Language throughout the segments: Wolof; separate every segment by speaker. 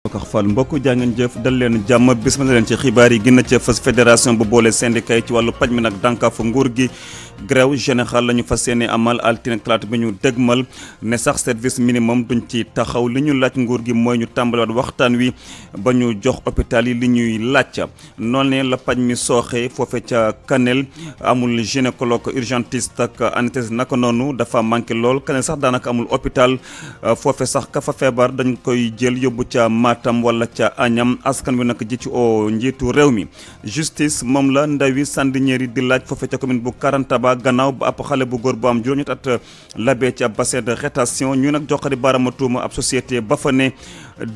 Speaker 1: Boubacar Fall mbokk jàngeen jëf dal leen jàmm ci xibaar yi gën a ca fas fédération bu boole syndicat yi ci wàllu paj mi nag nguur gi grève générale la ñu fas yéene amal altine ak talaata bi ñu dëgmal ne sax service minimum duñ ci taxaw li ñu laaj nguur gi mooy ñu tàmbaliwaat waxtaan wi ba ñu jox hôpital yi li ñuy laaj noonu la paj mi sooxee foofe ca Kanel amul gynécologue urgentiste ak anesthésiste naka noonu dafa manqué lool Kanel sax daanaka amul hôpital foofe sax kafa feebar dañ koy jël yóbbu ca maatam wala ca Agnam askan wi nag ji ci o njiitu réew mi justice moom la ndawi Sandiniéry Touba gannaaw ba ab xale bu góor bu am juróom-ñett at euh, labee ci ab bassin de rétention nag joxari baarama tuuma ab société ba fa ne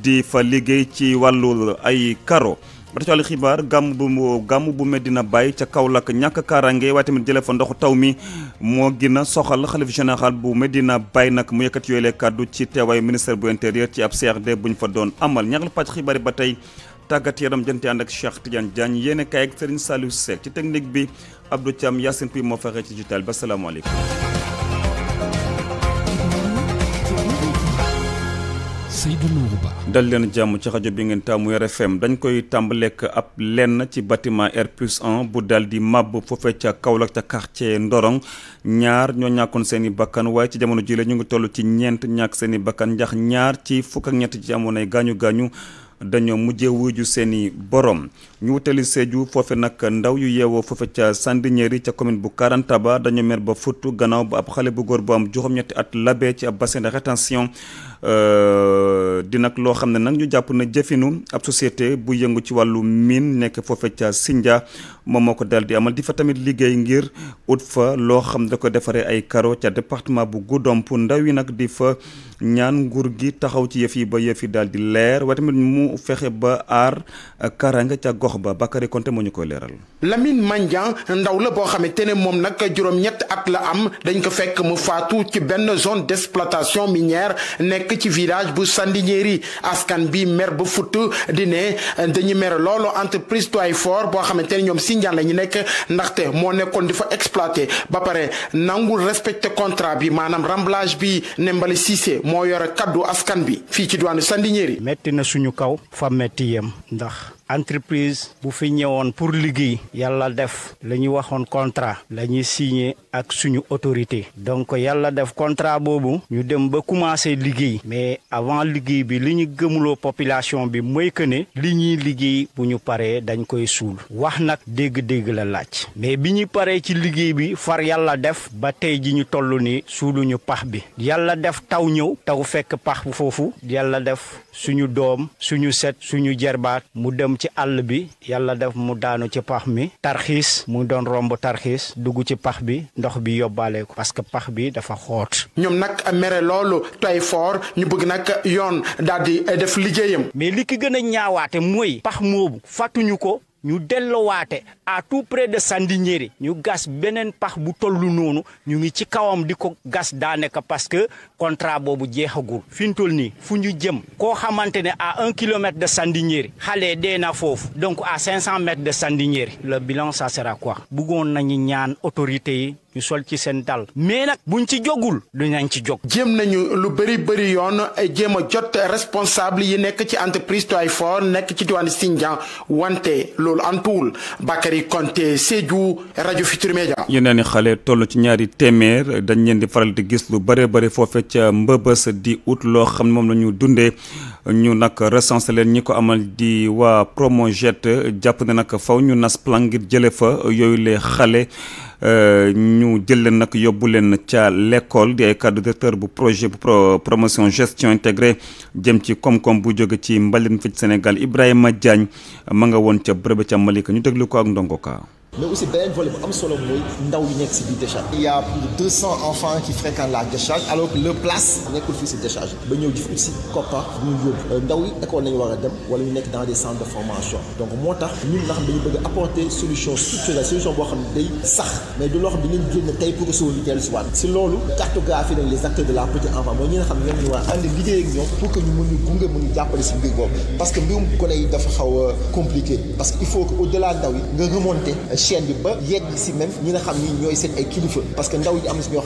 Speaker 1: di fa liggéey ci wàllu ay karo ba ta ci wàllu xibaar gàmm bu gàmm bu Medina Baye ca Kaolack ñàkk kaaraange waaye tamit jële fa ndoxu taw mi moo gën a soxal xalif général bu na Baye nag mu yëkkat yooyu lee kàddu ci teewaayu ministère bu intérieur ci ab CRD bu ñu fa doon amal ñaareelu pàcc xibaar yi ba tey tàggat yaram jënte ànd ak Cheikh Tidiane Diagne yéen kaay ak Serigne Saliou Seck ci technique bi Abdou Thiam Yacine Puy moo fexe ci digital bi asalaamaaleykum. dal leen rajo bi ngeen taamu RFM dañ koy tàmbaleek ab lenn ci bâtiment R plus 1 bu dal di màbb foofee ca Kaolack ca quartier Ndorong ñaar ñoo ñàkkoon seen i bakkan waaye ci jamono jii la ñu ngi toll ci ñeent ñàkk seeni i bakkan ndax ñaar ci fukk ak ñett ci amoon ay gaañu gaañu dañoo mujjee wuju seeni borom ñu wutali Sédhiou foofe nag ndaw yu yeewoo foofe ca Sandiniéry ca commune bu Karantaba dañu mer ba futtu gannaaw ba ab xale bu góor bu am juróom-ñetti at labee ci ab bassin de rétention euh, di nag loo xam ne nag ñu jàpp na jëfinu ab société bu yëngu ci wàllu miin nekk foofe ca Sindia moom moo ko dal di amal di fa tamit liggéey ngir ut fa loo xam da ko defaree ay karo ca département bu Goudomp ndaw yi nag di fa ñaan nguur gi taxaw ci yëf yi ba yëf yi daal di leer fexe ba aar gox ba Bakary Konte moo ñu koy leeral.
Speaker 2: Lamine Mandiang ndaw la boo xamante ne moom nag juróom-ñett at la am dañ ko fekk mu faatu ci benn zone d'exploitation minière nekk ci village bu Sandiniéry askan bi mer ba futt di ne dañu mer loolu entreprise Dwyfor boo xamante ne ñoom Sindian la ñu nekk ndaxte moo nekkoon di fa exploité ba pare nangul respecté contrat bi maanaam remblage bi Nembali Cissé moo yore kaddu askan bi fii ci diwaanu Sandiniéry. metti na suñu kaw
Speaker 3: fa metti yem ndax. entreprise bu fi ñëwoon pour liggéey yàlla def la ñu waxoon contrat la ñuy signé ak suñu autorité donc yàlla def contrat boobu ñu dem ba commencé liggéey mais avant liggéey bi li ñu gëmuloo population bi mooy que ne li ñuy liggéey bu ñu paree dañ koy suul wax nag dégg-dégg la laaj mais bi ñuy paree ci liggéey bi far yàlla def ba tey ji ñu toll ni suuluñu pax bi yàlla def taw ñëw taw fekk pax foofu yàlla def suñu doom suñu set suñu jerbaat mu dem moom ci àll bi yàlla def mu daanu ci pax mi tarxiis mu doon romb tarxiis dugg ci pax bi ndox bi yóbbaale ko parce que pax bi dafa xoot.
Speaker 2: ñoom nag mere loolu tey foor ñu bëgg nag yoon daal di def liggéeyam. mais li
Speaker 3: ki gën a ñaawaate mooy pax moobu fàttuñu ko ñu dellowaate à tout près de Sandiniéry ñu gas beneen pax bu tollu noonu ñu ngi ci kawam di ko gas daanaka parce que contrat boobu jeexagul fi ñu toll nii fu ñu jëm koo xamante ne à un kilomètre de Sandiniéry xale dee na foofu donc à cinq cent mètres de Sandiniéry le bilan ça sera quoi bëggoon nañu ñaan autorité yi ñu sol ci seen dal mais nag buñ ci jogul duñañ ci jóg
Speaker 2: jéem nañu lu bëri bëri yoon eh, jéem a jot responsable yi nekk ci entreprise Twyford nekk ci diwaanu Sindian wante loolu antuwul Bakary Konte Sédhiou rajo Futur Media.
Speaker 1: yeneen i xale toll ci ñaari téeméer dañ leen di faral di gis lu bëree bëri foofee ca mbëbës di ut loo xam ne moom lañu dundee ñu nag recensé leen ñi ko amal di waa Promojet jàpp ne nag faw ñu nas plan ngir jële fa yooyu les xale. Euh, ñu jël leen nag yóbbu leen ca lekkool di ay cadre directeur bu projet bu promotion gestion intégrée jëm ci koom-koom bu jóge ci mbalit fi Sénégal Ibrahima Diagne ma nga woon ca bërëb ca Malika ñu déglu ko ak ndongo ka
Speaker 4: mais aussi beneen volet bu am solo mooy ndaw yi nekk si biir décharge. il y a plus enfants qui fréquentent la décharge alors que leur place nekkul fii si décharge ba ñëw jëf aussi COPPA ñu yóbbu euh, ndaw yi nañu war a dem wala ñu nekk dans des centres de formation donc moo tax ñun nga xam dañu bëgg apporter solution structurelle xam ne day sax mais tey pour suba ñu dellu si si loolu cartographie nañ les de la petite enfance mooy ñi xam ne ñoom ñu war a ànd pour que ñu mën ñu gunge mën chaîne bi ba yegg si même ñi nga xam ni ñooy seen ay kilifa parce que ndaw ñi am na si ñoo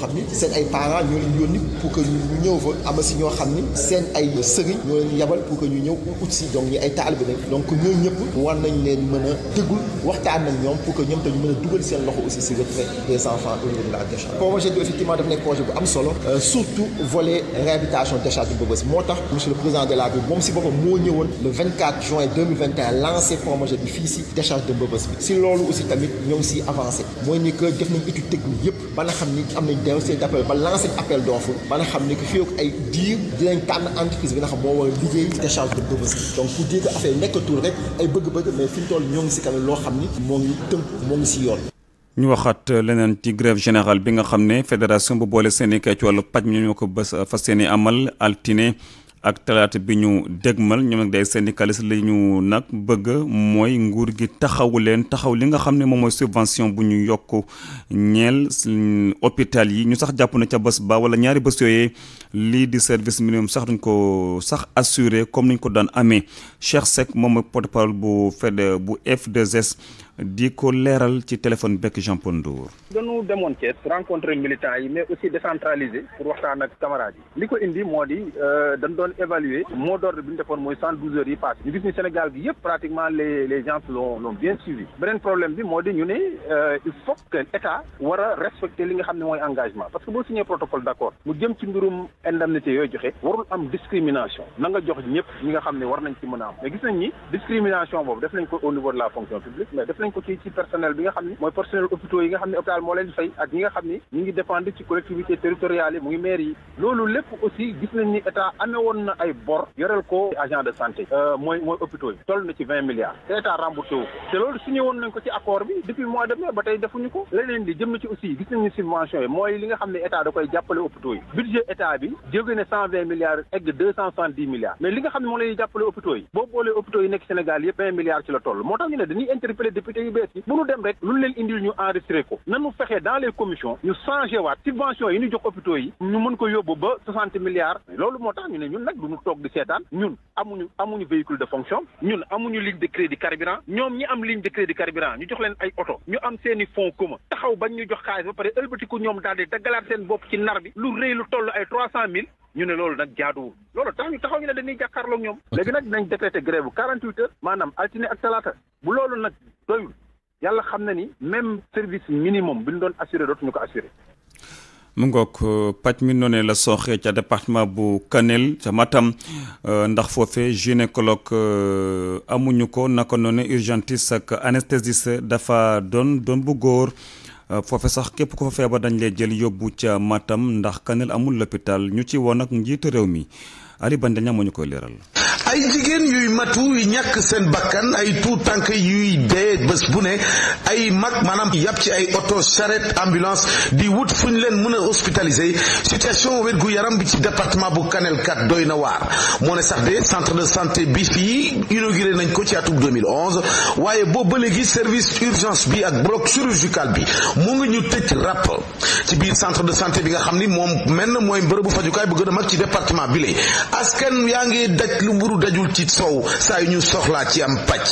Speaker 4: xam ni seen ay sëriñ ñoo leen pour que ñu ñëw ut si donc ñi ay taalibe lañ donc ñooñu ñëpp war nañ leen mën a déglu waxtaan ak ñoom pour que ñoom te ñu mën a dugal seen loxo aussi si retrait des enfants au de la décharge projet bi euh, moo tax monsieur le président de la République moom si boppam moo ñëwoon le juin 2021 lancé projet bi fii si décharge de Mbeubeuss si loolu technique ñoo ngi siy avancé mooy ni que def nañ étude technique yëpp ba nga xam ni am nañ dossier d' appel ba lancé appel d'offre ba nga xam ni que fii ko ay diir dinañ tànn entreprise bi nga xam moo war a liggéey décharge de Rebeuss donc pour dire que affaire nekkatul rek ñoo ngi si kanam loo xam ni moo ngi tënk moo ngi si yoon
Speaker 1: ñu waxat leneen ci grève général bi nga xam ne fédération bu boole Sénégal ci wàllu paj mi ñoo ko ba fas yéene amal altine ak talaata bi ñu dégmal ñoom nag day syndicaliste li ñu nag bëgg mooy nguur gi taxawu leen taxaw li nga xam ne moom mooy subvention bu ñu yokk ñeel hôpital yi ñu sax jàpp na ca bés ba wala ñaari bés yooyee lii di service minimum sax duñ ko sax assuré comme niñ ko daan amee Cheikh Seck moom mooy porte-parole bu fed bu F2S di ko leeral ci téléphone bekk Jean Paul Ndour
Speaker 5: demoon Thiès rencontré militants yi mais aussi décentralisé pour waxtaan ak camarades yi li ko indi moo di euh, dañ doon évaluer mot d'ordre bi ñu defoon mooy cent douze yi passé ñu gis ni Sénégal bi yëpp pratiquement les les gens l'ont bien suivi beneen problème bi moo di ñu ne euh, il faut que état war a respecter li nga xam ne mooy engagement parce que boo signé protocole d'accord mu jëm ci mbirum indemnité yooyu joxe ñëpp ñi nga xam ne war nañ ci mën a am nañ mooy personnel hôpitaux yi nga xam ne hôpital moo leen fay ak ñi nga xam ni ñi ngi dépendre ci collectivité territoriale yi muy maire loolu lépp aussi gis nañ ni état amewoon na ay bor yoreel ko agent de santé euh, mooy mooy hôpitaux yi toll na ci vingt milliards te état remboursé wu te loolu signé woon nañ ko ci accord bi depuis mois de ba tey defuñu ko leneen di jëm na ci aussi gis nañ subvention yi mooy li nga xam ne état da koy jàppale hôpitaux collectivité yu bees bu nu dem rek lu nu leen indil ñu enregistré ko nanu fexe dans les commissions ñu changé waat subvention yi ñu jox hôpitaux yi ñu mën ko yóbbu ba soixante milliards loolu moo tax ñu ne ñun nag du ñu toog di seetaan ñun amuñu amuñu véhicule de fonction ñun amuñu ligne de crédit carburant ñoom ñi am ligne de crédit carburant ñu jox leen ay oto ñu am seen i fonds taxaw bañ ñu jox xaalis ba pare ëlbatiku ñoom daal di daggalaat seen bopp ci nar bi lu rëy ay trois cent mille ñu ne loolu nag jaaduwul loolu tax ñu taxaw ñu ne dañuy jàkkaarloog ñoom léegi nag dinañ décrété grève bu quarante huit maanaam altine ak talaata bu loolu nag doyul yàlla xam na ni même service minimum bi ñu doon assuré dootuñu ko assuré
Speaker 1: mu ngoog euh, pàcc mi noonee la sooxee ca département bu Kanel ca Matam euh, ndax foofe gynécologue euh, amuñu ko naka noone urgentiste ak anesthésiste dafa doon doon bu góor Euh, foofe sax képp ku fa feebar dañu lay jël yóbbu ca mattam ndax Kanel amul l'hôpital ñu ci woon ak njiitu réew mi Ali Bandé ña ñu koy leeral.
Speaker 6: ay jigéen yuy matu yu ñàkk seen bakkan ay tout tànk yuy dee bés bu ne ay mag maanaam yàpp ci ay oto charrette ambulance di wut fu ñu leen mën a hospitaliser situation wér gu yaram bi ci département bu Kanel 4 doy na waar moo ne sax de centre de santé bi fii inauguré nañ ko ci atum 2011 waaye boo ba léegi service urgence bi ak bloc chirurgical bi mu ngi ñu tëj ràpp ci biir centre de santé bi nga xam ni moom menn mooy bërëbu fajukaay bu gën a mag ci département bi lu dajul ci soow saa yu ñu soxlaa ci am pàcc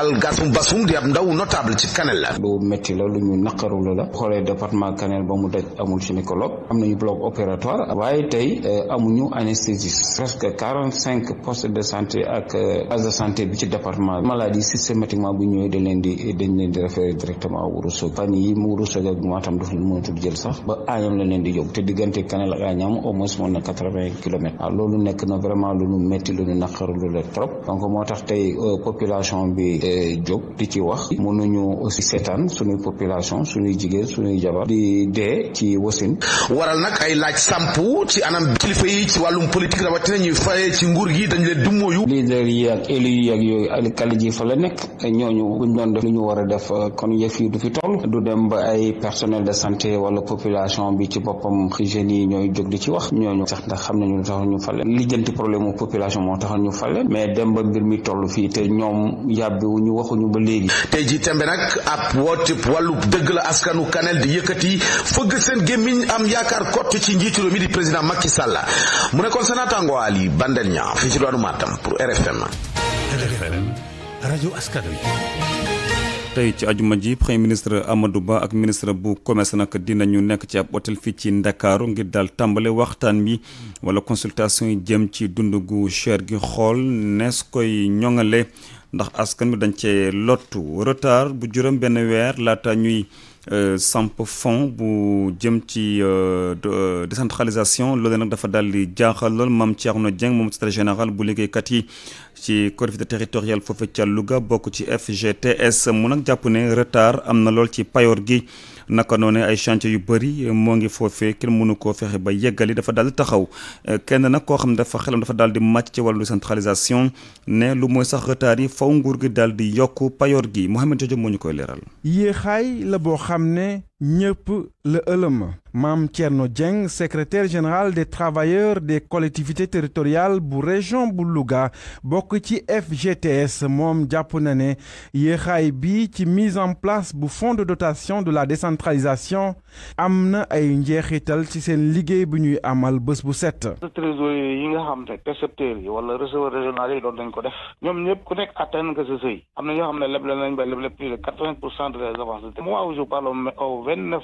Speaker 6: algasum basum di am ndaw notable ci Kanel la
Speaker 7: lu métti la lu ñu naqarulu la xoolee département Kanel ba mu daj amul gynécologue am nañu bloc opératoire waaye tey euh, amuñu anesthésiste cinq postes de santé ak euh, base de bi ci département maladie systématiquement bu ñëwee dañ leen di dañ leen di référé directement Ouro Sogui fan yi mu Ouro Sogui ak Matam daf leen mënatul jël sax ba Agnam leen di diggante Kanel ak Agnam au moins mën na quatre-vingts kilomètres loolu nekk lu ñu métti naqarlu la trop donc moo tax tey euh, population bi euh, jóg di ci wax mënuñu aussi seetaan suñuy population suñuy jigéen suñuy jabar di dee ci wasin waral nag ay laaj samp
Speaker 6: ci anam kilifa yi ci wàllum politique
Speaker 7: rawatina ñuy fayee ci nguur gi dañu leen dummóoyu leader yi ak élu yi ak yooyu alikali ji fa la nekk ñooñu buñ lu ñu war a def euh, kon yëf yi du fi toll du dem ba ay personnel de santé wala population bi ci boppam jeunes yi ñooy jóg di ci wax ñooñu sax ndax xam nañu lu tax ñu fale lijjanti problème population ñu mais dem ba mbir mi toll fii te ñoom yàbbi wu ñu waxuñu ba léegi. tey jii tembe nag ab woote wàllu
Speaker 6: dëgg la askanu kanel di yëkkati fëgg seen gémmiñ am yaakaar kott ci njiitu réew mi di président makki Sall mu nekkoon sa naataango Ali Bandel Niang fii ci doonu Matam pour RFM.
Speaker 5: na rajo wi.
Speaker 1: tey ci ajuma ji premier ministre Amadou Ba ak ministre bu commerce nag dinañu nekk ci ab hôtel fii ci Ndakaaru ngir daal tàmbale waxtaan bi wala consultation yi jëm ci dund gu cher gi xool nees koy ñoŋale ndax askan bi dañ cee lottu retard bu juróom benn weer laata ñuy. Euh, samp fond bu jëm ci euh, euh, décentralisation loolee nag dafa daal di jaaxal lool Mame Thierno Dieng moom secrétaire général bu liggéeykat yi ci collectivité territoriale foofu ca Louga bokk ci FGTS mu nag jàpp ne retard am na lool ci payoor gi. naka noonu ay chantier yu bëri moo ngi foofee kenn mënu koo fexe ba yeggali dafa daal di taxaw kenn na koo xam ne dafa xelam dafa daal di màcc ci wàllu centralisation ne lu mooy sax retard yi fow nguur gi daal di yokk payoor gi Mouhamed Jojo moo ñu koy leeral.
Speaker 8: yéexaay la boo xam ne ñëpp la ëlëm maam Thierno Dieng secrétaire général des travailleurs des collectivités territoriales bu région bu Louga bokk ci FGTS moom jàpp na ne yéexaay bi ci mise en place bu fonds de dotation de la décentralisation am na ay njeexital ci seen liggéey bu ñuy amal bés bu set.
Speaker 6: trésorier yi nga xam ne percepteurs yi wala receveur régional yi doon nañ ko def ñoom ñëpp ku nekk que sa seuil am na ñoo xam ne leble nañ ba leble plus de quatre-vingts pour cent de leurs avances 29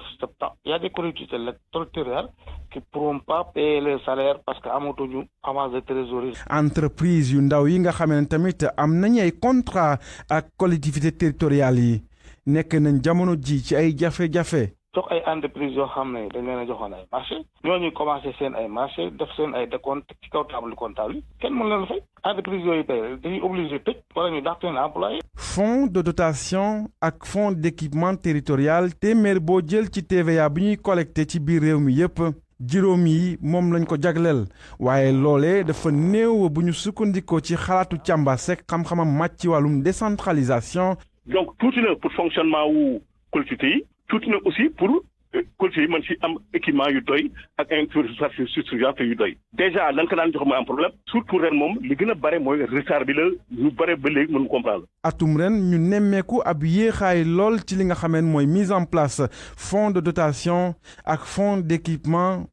Speaker 6: a des collectivités territoriales qui pourront les parce que amatuñu avance de trésorerie.
Speaker 8: entreprise yu ndaw yi nga xam ne tamit am nañ ay contrat ak collectivités territoriales yi nekk nañ jamono ji ci ay jafe-jafe.
Speaker 6: jox ay entreprise yoo xam ne dañ leen a joxoon ay marché ñooñu commencé seen ay marché def seen ay décompte ci kaw table comptable yi kenn mën leen fay entreprise yooyu tey dañuy obligé tëj wala ñu dàq leen employé
Speaker 8: fonds de dotation ak fonds d'équipement territorial téeméer boo jël ci TVA bi ñuy collecté ci biir réew mi yépp juróom yi moom lañ ko jagleel waaye loolee dafa néew bu ñu sukkandikoo ci xalaatu càmba sek xam-xamam màcc ci wàllum décentralisation
Speaker 5: donc tuuti la wu collectivité tuuti na aussi pour euh, collectivités yi mën si am équipement yu doy ak infrastructure surveillance yu doy dèjà lan ko daan jox mooy am problème surtout ren moom li gën bare mooy retard bi la ñu bare ba léegi mënu comprendre
Speaker 8: atum ren ñu nemmeeku ab yéexaay lool ci li nga xameen mooy mise en place fond de dotation ak fonds d'équipement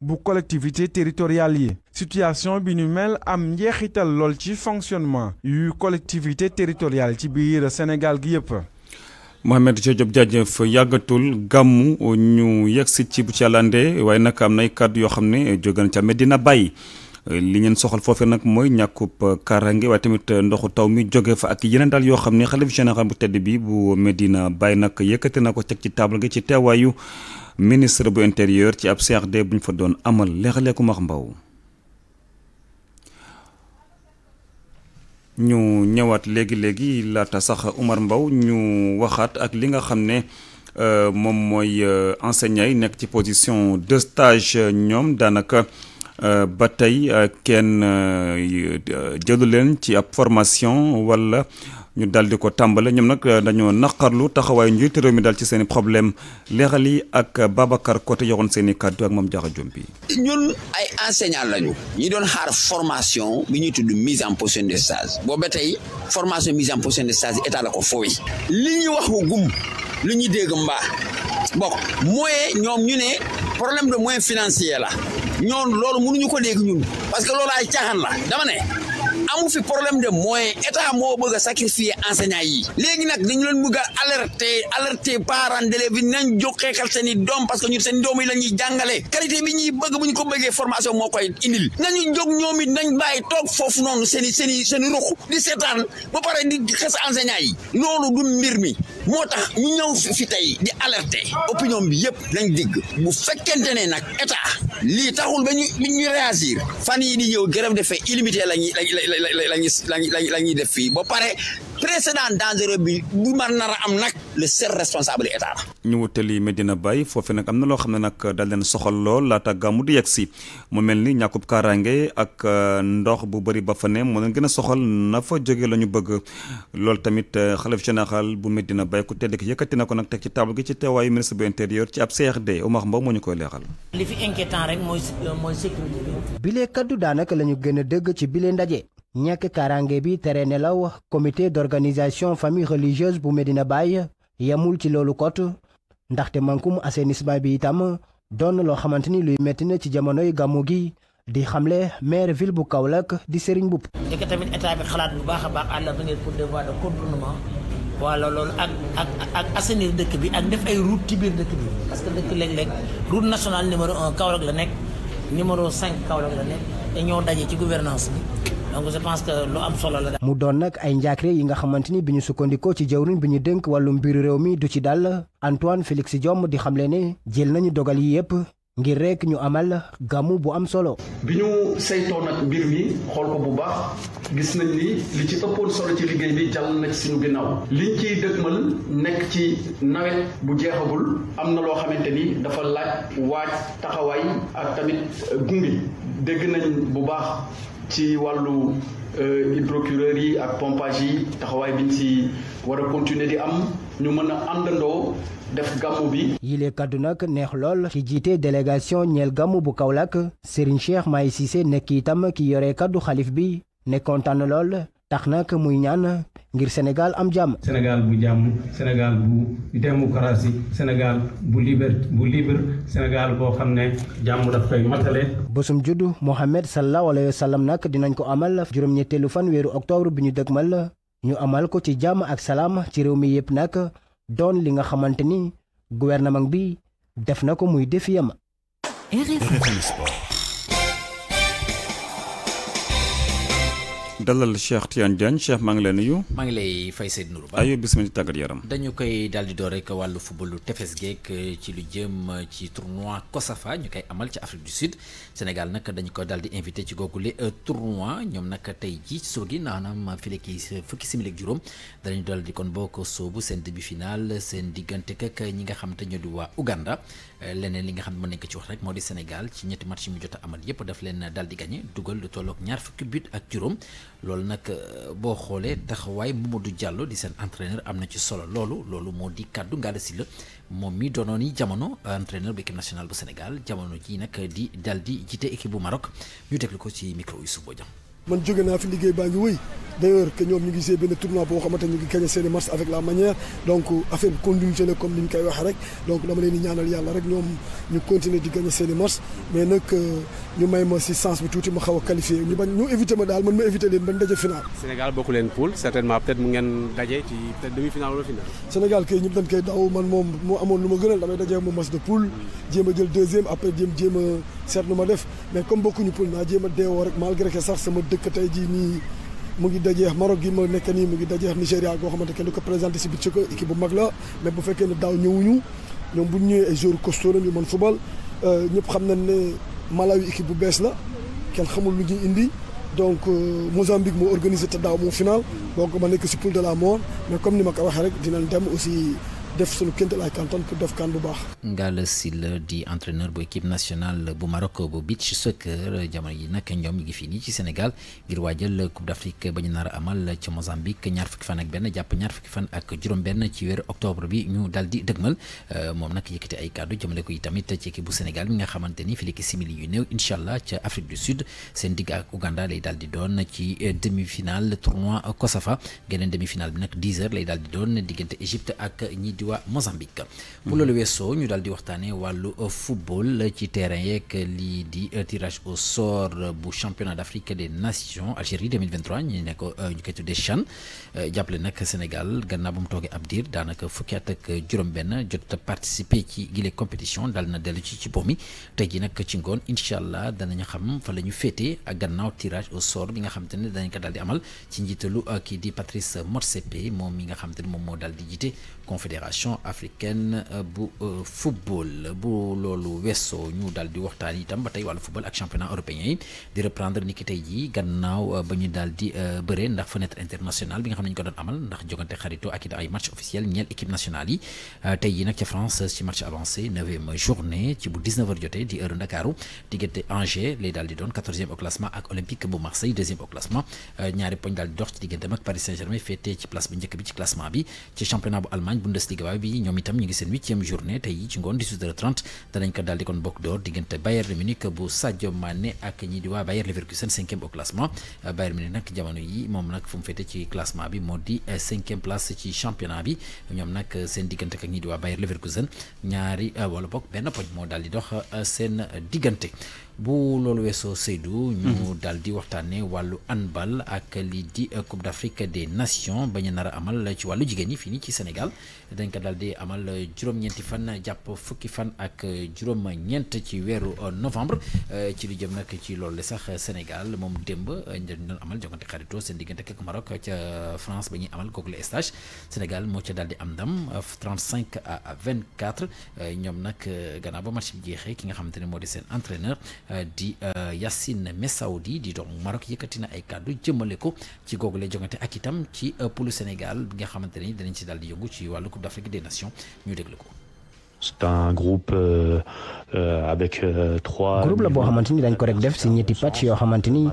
Speaker 8: bu collectivité territoriale yi situation bi ñu mel am njeexital lool ci fonctionnement yu collectivité territoriale ci biir Sénégal gi yëpp
Speaker 1: Mohamed Diop jaajëf yàggatul gàmmu ñu yegsi ci bu ci waaye nag am nay kàddu yoo xam ne jóge na ca Medina bàyyi li ngeen soxal foofu nag mooy ñàkkub kaaraange waaye tamit ndoxu taw mi jóge fa ak yeneen daal yoo xam ne xalif général bu tedd bi bu Medina bàyyi nag yëkkate na ko teg ci table gi ci teewaayu ministre bu intérieur ci ab CRD bu ñu fa doon amal leexaleeku max mbaw ñu ñëwaat léegi-léegi laata sax Umar mbaw ñu waxaat ak li nga xam ne euh, moom mooy euh, enseignants yi nekk ci position de euh, ñoom daanaka ba tey kenn jëlu leen ci ab formation walla ñu daal di ko tàmbale ñoom nag euh, dañoo naqarlu taxawaayu njiitu réew mi daal ci seen i problème leeral yi ak Babacar Côté yoroon seen i kàddu ak moom jaxa jombi
Speaker 9: ñun ay enseignants lañu ñi doon xaar formation bi ñuy tudd mise en position de stage booba tey formation mise en position de stage état la ko fooy li ñu wax gum li ñu dégg mbaa bokk moyen ñoom ñu ne problème de moyen financier la ñoo loolu mënuñu ko dégg ñun parce que loolu ay caaxaan la dama amu fi problème de moyen état moo bëgg a sacrifier enseignant yi léegi nag dañu leen bëgg a alerte alerter parents d'élèves yi nañ jóg xeexel seen i doom parce que ñun seen doom yi la ñuy jàngale qualité bi ñu bëgg bu ñu ko bëggee formation moo koy indil nañu jóg ñoom it nañ bàyyi toog foofu noonu seeni i seen seen i ruq di seetaan ba pare di xes enseignant yi loolu du mbir mi moo tax ñu ñëw fi tey di alerte opinion bi yëpp nañ digg bu fekkente ne nag état lii taxul ba ñu ñu réagir fan yi di ñëw grève de faim illimité lañu la la la ñuy la ñuy def fii ba pare précédent dangereux bi bu mar nar a am nag le seul responsable état la.
Speaker 1: ñu wutali Medina Baye foofu nag am na loo xam ne nag daal leen soxal lool laata gàmmu di yegg si mu mel ni ñàkkub kaaraange ak euh, ndox bu bëri ba fa ne moo leen gën a soxal na fa jóge la ñu bëgg loolu tamit euh, xalif général bu Medina Baye ku tedd ki yëkkati na ko nag teg ci table gi ci teewaayu ministre bu intérieur ci ab CRD Oumar Mbow moo ñu koy leexal.
Speaker 10: li fi inquiétant rek mooy euh, la ñu gën a dëgg ci bile ndaje. ñàkk kaaraange bi tere nelaw comité d' organisation famille religieuse bu Medina Baye yemul ci loolu kot ndaxte mankum assainissement bi itam doon loo xamante ni luy metti na ci jamonoy gàmmu gi di xamle maire ville bu Kaolack di Serigne Mboup.
Speaker 9: léegi tamit état bi xalaat bu baax a baax à l'avenir pour des voies de contournement wala loolu ak ak ak assainir dëkk bi ak def ay
Speaker 10: route ci biir dëkk bi
Speaker 9: parce que dëkk léeg-léeg route nationale numéro un Kaolack la nekk numéro cinq Kaolack la nekk te ñoo daje ci gouvernance bi. donc je lu am solo la.
Speaker 10: mu doon nag ay njaakre yi nga xamante ni bi ñu sukkandikoo ci jawriñ bi ñu dénk wàllum biir réew mi du ci dal Antoine Félix jomm di xamle ne jël nañu dogal yi yépp ngir rek ñu amal gàmmu bu am solo.
Speaker 11: bi ñu saytoo nag mbir mi xool ko bu baax gis nañ ni li ci ëppoon solo ci liggéey bi jàll na ci suñu ginnaaw liñ ciy dëgmal nekk ci nawet bu jeexagul am na loo xamante ni dafa laaj waaj taxawaay ak tamit gunge dégg nañ bu baax ci wàllu euh, hydrocureur yi ak pompage yi taxawaay biñ ci war a continuer di am ñu mën a àndandoo def
Speaker 10: gàmmu bi. yile kaddu nag neex lool. ki jiite délégation ñeel gàmmu bu Kaolack Serigne Cheikh may Cissé nekk itam ki yore kaddu xalif bi ne kontaan lool tax nag muy ñaan ngir Sénégal am jàmm.
Speaker 5: Sénégal bu jàmm Sénégal bu démocratie Sénégal bu liberté bu boo xam ne jàmm daf koy matale.
Speaker 10: bésum juddu Mohamed sallallahu alayhi wa sallam nag dinañ ko amal juróom-ñetteelu fan weeru octobre bi ñu dëgmal ñu amal ko ci jàmm ak salaam ci réew mi yëpp nag doon li nga xamante ni gouvernement bi def na ko muy def RFM
Speaker 1: dalal Cheikh Tidiane Diagne Cheikh maa ngi lay nuyu.
Speaker 12: maa ngi lay fay Seydou Nourou Ba. aywa bisimilah tàggat yaram. dañu koy daal di door rek wàllu lu tefes geek ci lu jëm ci tournoi COSAFA ñu koy amal ci Afrique du Sud Sénégal nag dañu ko daal di invité ci googule euh, tournoi ñoom nag tey jii ci suba gi maanaam file kii fukki simili juróom dañu daal di kon ko soobu seen demi-finale seen diggante ak ñi nga xam te ñoo di waa Uganda. leneen li nga xam ne mën nañ ko ci wax rek moo di Sénégal ci ñetti match mu jot amal yëpp daf leen daal di gagné dugal lu tolloog ñaar fukki but ak juróom loolu nag euh, boo xoolee taxawaay du Diallo di seen entraîneur am na ci solo loolu loolu moo di kàddu Ngalla Sylla moom mi doonoon yi jamono entraîneur bu équipe nationale bu Sénégal jamono ji nag di dal di jiite équipe bu Maroc ñu déglu ko ci micro Youssouf Bodian
Speaker 13: man jóge naa fi liggéey baa ngi wëy d'ailleurs que ñoom ñu ngi see benn tournoi boo xamante ñu ngi gagné seen i avec la manière donc affaire bi continuer di gagné seen i mais nag euh, ñu may ma si sens bi tuuti ma xaw a ñu bañ ñu éviter ma daal man ma éviter leen bañ daje final.
Speaker 11: Sénégal bokku leen poule certainement peut être mu ngeen daje ci peut être demi final wala final.
Speaker 13: Sénégal kay ñun dañ koy daw man moom moo amoon lu ma gënal damay daje Afrique tey jii nii mu ngi dajeex Maroc gi ma nekk nii mu ngi dajeex Nigéria goo xamante kenn du ko présenté si biir ko équipe bu mag la mais bu fekkee ne daaw ñëwuñu ñoom bu ñëwee ay joueurs costauds lañu mën football euh, ñëpp xam nañ ne Malawi équipe bu bees la kenn xamul lu ñuy indi donc euh, Mozambique moo organisé te daaw moo final donc ma nekk si poule de la mort mais comme ni ma ko waxee rek dinañ dem aussi. def suñu kéemtalaay kantan pour def
Speaker 12: kan bu baax. Ngalla Sylla di entraîneur bu équipe nationale bu Maroc bu beach soccer jamono yi nag ñoom ñu ngi fii nii ci Sénégal ngir waajal Coupe d'Afrique ba ñu a amal ci Mozambique ñaar fukki fan ak benn jàpp ñaar fukki fan ak juróom-benn ci weeru octobre bi ñu daal di dëgmal euh, moom nag yëkkati ay kàddu jëmale ko itamit ci équipe bu Sénégal mi nga xamante ni fii simili yu néew incha allah ca Afrique du Sud seen digg ak Ouganda lay daal di waa Mozambique. bu lu weesoo ñu daal di waxtaanee wàllu euh, football ci terrain yeeg lii di euh, tirage au sort bu championnat d' Afrique des nations Algérie 2023 ñu ne ko euh, ñu koy tuddee CHAN jàppale nag Sénégal gannaaw ba mu toogee ab diir daanaka fukki at juróom-benn jot participer ci gile compétition daal na dellu ci ci bopp mi tey jii nag ci ngoon incha allah danañu xam fa la ñu féetee ak gannaaw tirage au sort bi nga xam te ne danañ ko daal di amal ci njiitalu kii di Patrice moom mi nga xam te moom moo daal di jiite confédération. fédération africaine euh, bu euh, football bu loolu weesoo ñu daal di waxtaan itam ba tey wàllu football ak championnat européen yi di reprendre ni tey jii gannaaw euh, ba ñu daal di bëree ndax fenêtre internationale bi nga xam ne ñu ko doon amal ndax jogante xarito ak ay match officiel ñeel équipe nationale yi tey jii nag ca France ci match avancé neuvième journée ci bu 19 jotee di heure Ndakaaru diggante Angers lay daal di doon quatorzième Olympique bu Marseille deuxième Guédiawaay bi ñoom itam ñi ngi seen huitième journée tey ci ngoon 18h30 danañ ko daal di kon bokk door diggante Bayern Munich bu Sadio Mané ak ñi di waa Bayer Leverkusen cinquième au classement Bayern Munich nag jamono yi moom nag fu mu féete ci classement bi moo di eh, cinquième place ci championnat bi ñoom nag eh, seen diggante ak ñi di waa Bayer Leverkusen ñaari eh, wala bokk benn poñ moo daal di dox seen diggante bu loolu weesoo Seydou. ñu daal di waxtaanee wàllu handball ak lii di Coupe d'Afrique des Nations ba ñu nar a amal ci wàllu jigéen ñi fii nii ci Sénégal dañ ko daal di amal juróom-ñeenti fan jàpp fukki fan ak juróom-ñeent ci weeru novembre euh, ci lu jëm nag ci loolu sax Sénégal moom démb ñu doon amal jogante xaritoo seen diggante ak Maroc ca France ba ñuy amal kooku le Sénégal moo ca daal di am ndam 35 à 24 euh, ñoom nag euh, gannaaw ba match bi jeexee ki nga xamante ne moo di seen entraîneur. Eh, di eh, Yassine Messaoudi di doom Maroc yëkkati na ay kàddu jëmale ko ci googu lay jongante ak itam ci eh, poule Sénégal bi nga xamante ni danañ ci daal di yëngu ci wàllu Coupe d'Afrique des Nations ñu déglu ko. c'est un groupe euh, euh, avec euh, trois. groupe
Speaker 10: la boo xamante ni dañ ko rek def si ñetti pàcc yoo xamante ni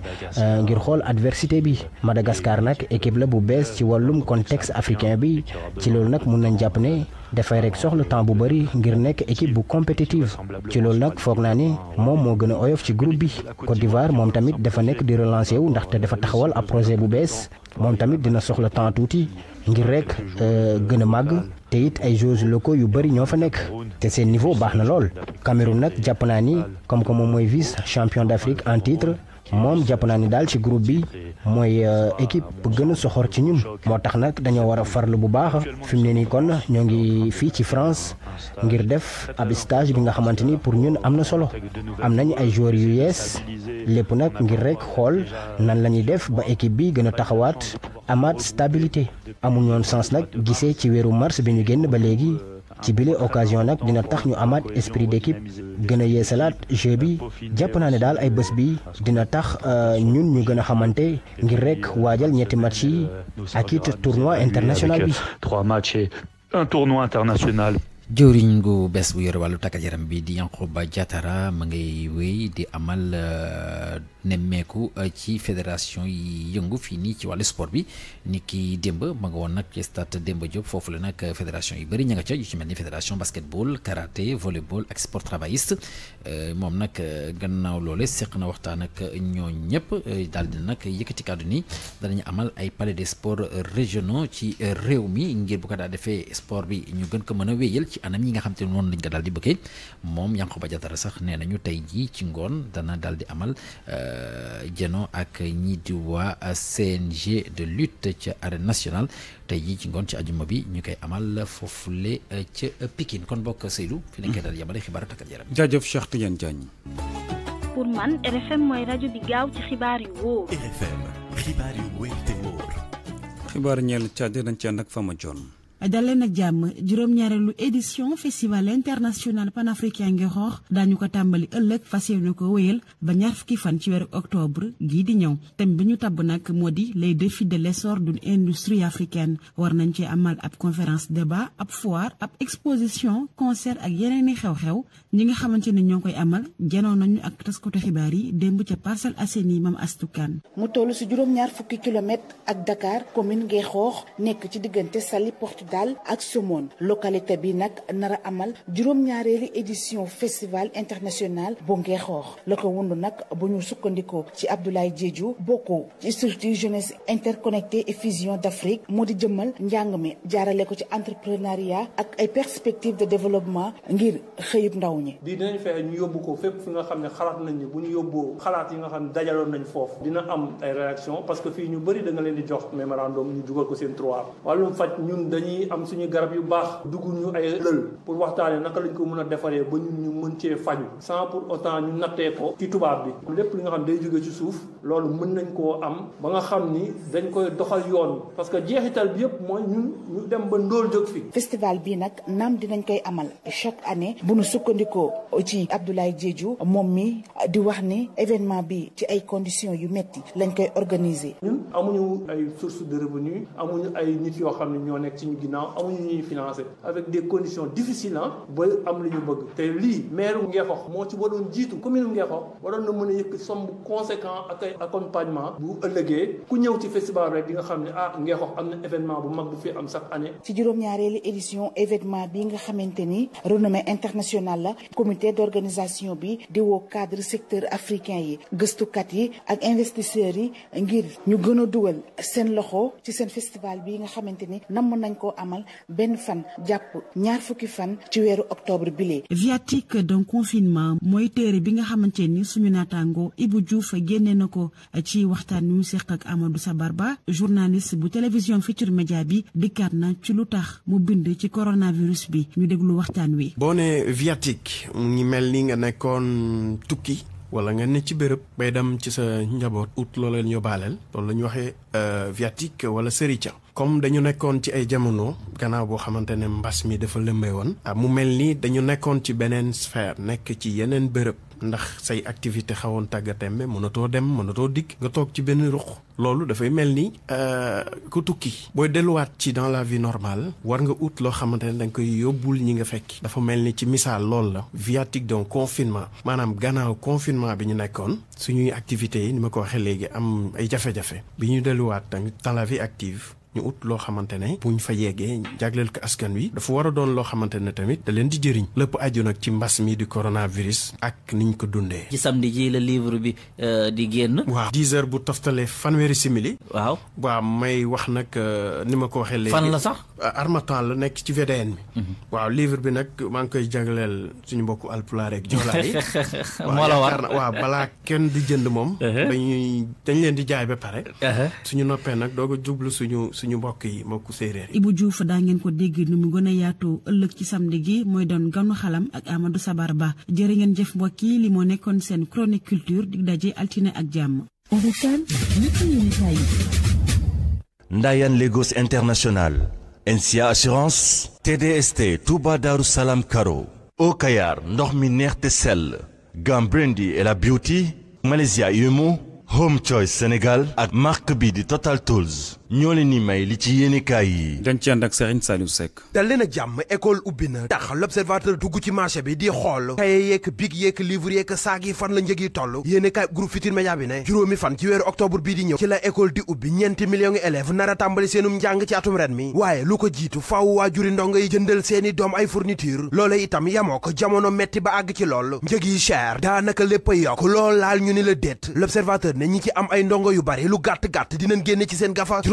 Speaker 10: ngir xool adversité bi Madagascar nag équipe la bu bees ci wàllum contexte africain bi ci loolu nag mun nañ jàpp ne dafay rek soxla temps bu bëri ngir nekk équipe bu compétitive ci loolu nag foog naa ne moom moo gën a oyof ci groupe bi Côte d'Ivoire moom tamit dafa nekk di relancer wu ndaxte dafa taxawal ab projet bu bees moom tamit dina soxla temps tuuti. ngir rek euh, gën a màgg te it ay joueurs locaux yu bari ñoo fa nekk te seen niveau baax na lool Cameroun nag jàpp naa ni comme que moom mooy vice champion d'Afrique en titre Ah, moom jàpp naa ni daal ci groupe bi mooy euh, équipe bu gën a soxor ci ñun moo tax nag dañoo war a farlu bu baax fi mu ne nii kon ñoo ngi fii ci France ngir def ab stage bi nga xamante ni pour ñun am na solo am nañu ay joueurs yu yees lépp nag ngir rek xool nan la ñuy def ba équipe bi gën a taxawaat amaat stabilité amuñoon sens nag gisee ci weeru mars bi ñu génn ba léegi. ci bile occasion nag dina tax ñu amaat esprit d'équipe gën a yeesalaat jeu bi jàpp naa ne daal ay bés bi dina tax euh, ñun ñu gën a xamante ngir rek waajal ñetti match yi ak
Speaker 12: it tournoi international bi. trois matchs et un tournoi international. jëwriñ gu bees bu yore wàllu takk yaram bi di Yankhoba Diattara ma ngay wéy di amal. Euh, nemmeeku euh, ci fédération yi yëngu fii nii ci wàllu sport bi ni ki démb ma nga woon nag ci stade Demba Diop foofu la nag fédération yi bëri ña nga ca yu ci mel ni fédération basketball karaté volleyball ak sport travailliste euh, moom nag euh, gannaaw loole seq na waxtaan ak ñoo ñëpp daal di nag yëkkati kàddu ni danañu amal ay palais des sports régionaux ci réew mi ngir bu ko daal defee sport bi ñu gën ko mën a wéyal ci anam yi nga xam te noonu lañ ko daal di bëggee moom Yankhoba Diattara sax nee nañu tey jii ci ngoon dana daal di amal jeno euh, ak ñii di waa CNG de lutte ca arène nationale tey jii ci ngoon ci ajuma bi ñu koy amal foofule euh, ca Pikine kon bokk Seydou. fi nekkee daal yamale xibaaru takkat yaram.
Speaker 1: jaajëf Cheikh Tidiane Diagne.
Speaker 14: pour man RFM mooy rajo bi gaaw ci xibaar yu wóor.
Speaker 1: RFM xibaar yu wóor wóor. xibaar ñeel Tchad dañ ci ànd ak Fama Dione.
Speaker 14: daleen ak jàmm juróom-ñaareelu édition festival international panafricain Ngexoox daañu ko tàmbali ëllëg fas ko wéyal ba ñaar fukki fan ci weeru octobre gii di ñëw thème bi ñu tabb nag moo di les défis de l'essor d'une industrie africaine war nañ ci amal ab conférence débat ab foire ab exposition concert ak yeneen i xew-xew ñi nga xamante ne ñoo koy amal janoon nañu ak taskatu xibaar yi démb ca Parcelles Assainies Mame Astou Kane
Speaker 15: mu toll si juróom ci diggante Sénégal ak Somone localité bi nag nara amal juróom-ñaareeli édition festival international boo bu Ngeexoox la ko wund nag bu ñu sukkandikoo ci Abdoulaye Diédhiou bokkoo ci structure jeunesse interconnectée et fusion d'Afrique moo di jëmmal njàng mi jaarale ko ci entrepreneuriat ak ay perspective de développement ngir xëyub ndaw ñi.
Speaker 5: di dinañ fexe ñu yóbbu ko fépp fi nga xam ne xalaat nañ ne bu ñu yóbboo xalaat yi nga xam ne dajaloon nañ foofu dina am ay réaction que fii ñu bëri da leen di jox mémorandum ñu dugal ko seen trois yi am suñu garab yu baax dugg ñu ay lël pour waxtaane naka lañ ko mën a defaree ba ñun ñu mën cee faju sans pour autant ñu nattee ko ci tubaab bi lépp li nga xam day jóge ci suuf loolu mën nañ koo am ba nga xam ni dañ koy doxal yoon parce que
Speaker 15: jeexital bi yëpp mooy ñun ñu dem ba ndóol jóg fi festival bii nag naam dinañ koy amal chaque année bu nu sukkandikoo ci Abdoulaye Diédhiou moom mi di wax ni événement bi ci ay conditions yu metti lañ koy organiser ñun
Speaker 5: amuñu ay source de revenu amuñu ay nit yoo xam ne ñoo nekk ginnaaw amuñu ñuy financé avec des conditions difficiles ah am lu ñu bëgg te lii maire Ngexox moo ci waroon jiitu commune Ngexox waroon na mën a yëkk somme conséquent ak ay accompagnement bu ëllëgee ku ñëw ci festival rek di nga xam ne ah Ngexox am na événement bu mag bu fi am chaque année.
Speaker 15: ci juróom-ñaareelu édition événement bi nga xamante ni renommée internationale la comité d'organisation bi di woo cadre secteur africain yi gëstukat yi ak investisseurs yi ngir ñu gën a dugal seen loxo ci seen festival bi nga xamante amal benn fan jàpp ñaar fukki fan ci weeru octobre
Speaker 14: bile. viatique donc confinement mooy téere bi nga xamante ni suñu naataango Ibou Diouf génne na ko ci waxtaan wi seq ak Amadou Sabarba journaliste bu télévision Futurs Médias bi dikkaat na ci lu tax mu bind ci coronavirus bi ñu déglu waxtaan wi.
Speaker 10: boo
Speaker 11: nee viatique mu ngi mel ni nga nekkoon tukki. wala nga ne ci béréb bay dem ci sa njaboot ut loo leen loolu la ñu waxee euh, viatique wala sërica comme dañu nekkoon ci ay jamono gannaaw boo xamante ne mbas mi dafa lëmbee woon. Ah, mu mel nii dañu nekkoon ci beneen sphère nekk ci yeneen bërëb ndax say activité xawoon tàggatembe mënatoo dem mënatoo dikk nga toog ci benn ruq loolu dafay mel ni euh, ku tukki. booy delluwaat ci dans la vie normale war nga ut loo xamante ne da koy yóbbul ñi nga fekk. dafa mel ni ci misaal loolu la. viatique donc confinement maanaam gannaaw confinement bi ñu nekkoon suñuy activités yi ni ma ko waxee léegi am ay jafe bi ñu delluwaat tamit dans ñu ut loo xamante ne buñ fa yeggee jagleel ko askan wi dafa war a doon loo xamante ne tamit da leen di jëriñ lépp aju nag ci mbas mi di coronavirus ak niñ ko dundee. ci
Speaker 12: samedi ji la livre bi
Speaker 11: euh, di génn. waaw dix heures bu toftalee fanweeri simili. waaw waaw may wax nag euh, ni ma ko waxee léegi. fan la sax. Euh, Harmattan la nekk ci VDN bi. Mhm. waaw livre bi nag maa ngi koy jagleel suñu mbokku alpulaar ak joolaa yi. moo la war waaw balaa kenn di jënd moom. Uh-huh. dañuy da leen di jaay ba pare. Uh-huh. suñu mbokk yi mbokku séeréer yi.
Speaker 14: daa ngeen ko dégg ni mu gën a yaatu ëllëg ci samedi gi mooy doon ganu xalam ak Amadou Sabar Ba jërë ngeen jëf mbokk yi li moo nekkoon seen chronique culture di daje altine ak jàmm.
Speaker 3: Ndayan Lagos
Speaker 5: International. NCA Assurance. TDST Touba Darou Salam Karo.
Speaker 2: Okayar ndox mi neex te sell. Gambrendi et la Beauty. Malaysia
Speaker 1: Yumu. Home Choice Sénégal. ak mark bi di Total Tools. ñoo leen may li ci yéenekaay yi. dañ ci ànd ak Serigne Saliou Seck.
Speaker 16: dal jàmm école ubbi na. tax l'observateur dugg ci marché bi di xool. kaye yeeg big yeeg livre yeeg saag yi fan la njëg yi toll. yéenekaay groupe Futurs Médias bi ne. juróomi fan ci weeru octobre bii di ñëw. ci la école di ubbi ñeenti millions élèves nar a tàmbali seenum njàng ci atum ren mi. waaye lu ko jiitu faaw waajuri ndongo yi jëndal seeni doom ay fourniture. loola itam yamoo ko jamono metti yi cher. daanaka lépp a yokk. lool laal ñu ni la déet. l'observateur ne ñi ci am ay ndongo yu bari lu gàtt gàtt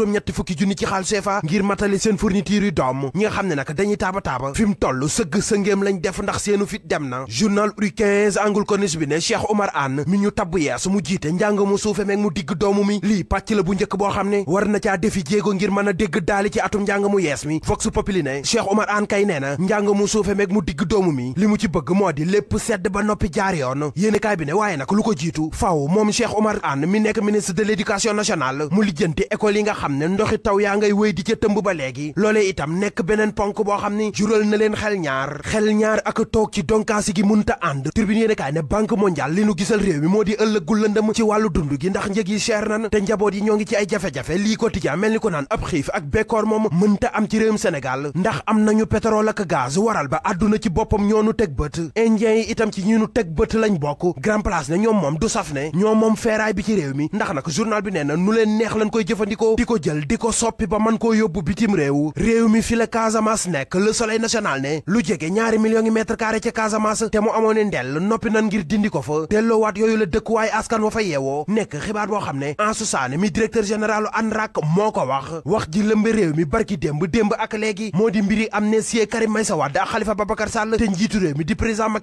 Speaker 16: juróom-ñetti fukki junni ci xaal CFA ngir matali seen fourniture yu doom ñi xam ne nag dañuy taaba taaba fi mu toll sëgg sëngeem lañ def ndax seenu fit dem na journal u 15 angle bi ne Cheikh Oumar Anne mi ñu tabb yees mu jiite njàng mu suufe meeg mu digg doomu mi lii pàcc la bu njëkk boo xam ne war na caa defi jéego ngir mën a dégg daali ci atum njàng mu yees mi Vox Populi ne Cheikh Oumar Anne kay nee na njàng mu suufe meeg mu digg doomu mi li di lépp ba noppi jaar yoon yéenekaay bi ne waaye nag lu ko jiitu xam ne ndoxi taw yaa ngay wéy di ca tëmb ba léegi loolee itam nekk beneen ponk boo xam ni jural na leen xel ñaar xel ñaar ak toog ci donkaasi gi munta ànd tribune yéene kaay ne banque mondiale li nu gisal réew mi moo di ëllëg gu lëndëm ci wàllu dund gi ndax njëg yi cher nan te njaboot yi ñoo ngi ci ay jafe-jafe lii quotidien mel ni ko naan ab xiif ak bekkoor moom mënta am ci réewum Sénégal ndax am nañu pétrole ak gaz waral ba àdduna ci boppam ñoonu teg bët indien yi itam ci ñi nu teg bët lañ bokk grand place ñoom moom du saf ne ñoom moom bi ci réew mi ndax nag bi nee na nu leen neex lañ koy jëfandikoo jël di ko soppi ba mën koo yóbbu bitim réew réew mi fi la Casamance nekk le soleil national ne lu jege ñaari millions ngi mètre carré ca Casamance te mu amoon ne ndell noppi nan ngir dindi ko fa delloowaat yooyu la dëkkuwaay askan wa fa yeewoo nekk xibaar boo xam ne Ansou Sané mi directeur général ANRAC moo ko wax wax ji lëmb réew mi barki démb démb ak léegi moo di mbiri amnistie Karim Meïssa Wade ak Khalifa Babacar Sall te njiitu réew mi di président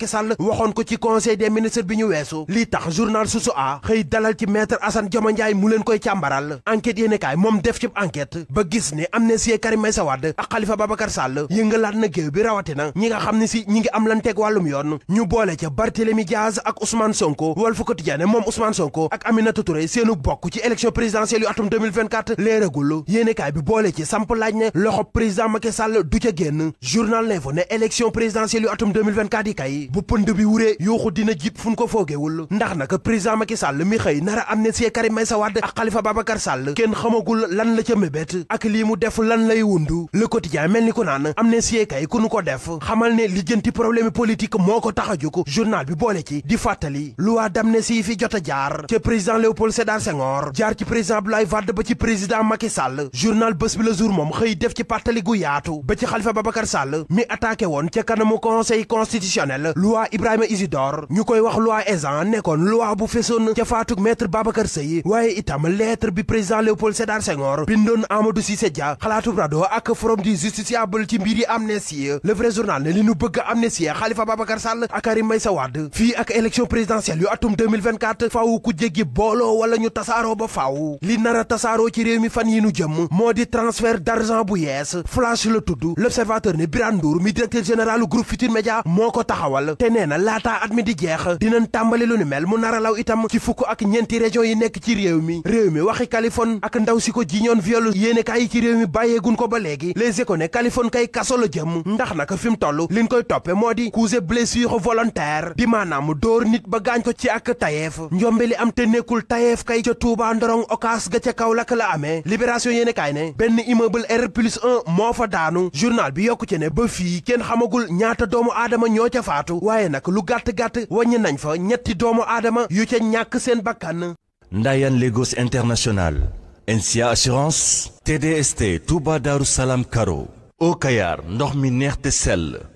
Speaker 16: A def ci enquête ba gis ne amnistie Karim Meïssa Wade ak Khalifa Babacar Sall yëngalaat na géew bi rawatina ñi nga xam ne si ñi ngi am lan teg wàllum yoon ñu boole ca Barthélémy Diaz ak Ousmane Sonko Walf Quotidien moom Ousmane Sonko ak Aminata Touré seenu bokk ci élection présidentielle yu atum 2024 léeragul yéenekaay bi boole ci samp laaj ne loxo président Macky Sall du ca génn journal L'Info ne élection présidentielle yu atum yi kay bu pënd bi wuree yooxu lan la ca mébét ak lii mu def lan lay wundu le quotidien mel ni ko naan am ne siyeekay ku nu ko def xamal ne lijjanti problème politique moo ko tax a jóg journal bi boole ci di fàttali loi d'amnistie fi jot a jaar ca président Léopold Sédar Senghor jaar ci président Abdoulaye Wade ba ci président Macky Sall journal bés bi la jour moom xëy def ci pàttali gu yaatu ba ci Khalifa Babacar Sall mi attaqué woon ca kanamu conseil constitutionnel loi Ibrahima Isidore ñu koy wax loi Ezzan nekkoon loi bu fesoon ca faatug maître Babacar Seye waaye itam lettre bi président Léopold Sédar Senghor Senghor bindoon Amadou Cissé Dia xalaatu rado ak forum du justiciable ci mbir yi amnistie le journal ne li ñu bëgg amnistie Khalifa Babacar Sall ak Karim Meïssa Wade fii ak élection présidentielle yu atum 2024 ku jéggi booloo wala ñu tasaaroo ba faaw li nar a tasaaroo ci réew mi fan yi nu jëm moo di transfert d'argent bu yees flash la tudd l'observateur ne Birane Ndour mi directeur général groupe Futurs moo ko taxawal te nee na at mi di jeex dinañ tàmbali yi nekk jiñoon viol yéene kaay ci réew mi bàyyeegun ko ba léegi les éco ne Kaliphone kay kaso la jëm ndax naka fi mu toll liñ koy toppe moo di coups blessure volontaire di maanaam dóor nit ba gaañ ko ci ak tayeef njombe li am te nekkul tayeef kay ca Touba Ndorong Okas ga ca Kaolack la amee libération yéene kaay ne benn immeuble R plus moo fa daanu journal bi yokku ci ne ba fii kenn xamagul ñaata doomu aadama ñoo ca faatu waaye nag lu gàtt-gàtt wàññi nañ fa ñetti doomu aadama yu ca ñàkk seen bakkan
Speaker 1: Ndayan Lagos International NCA assurance TDST Touba
Speaker 5: Darou Salam Karo Eau Kayar ndox mi neex te sell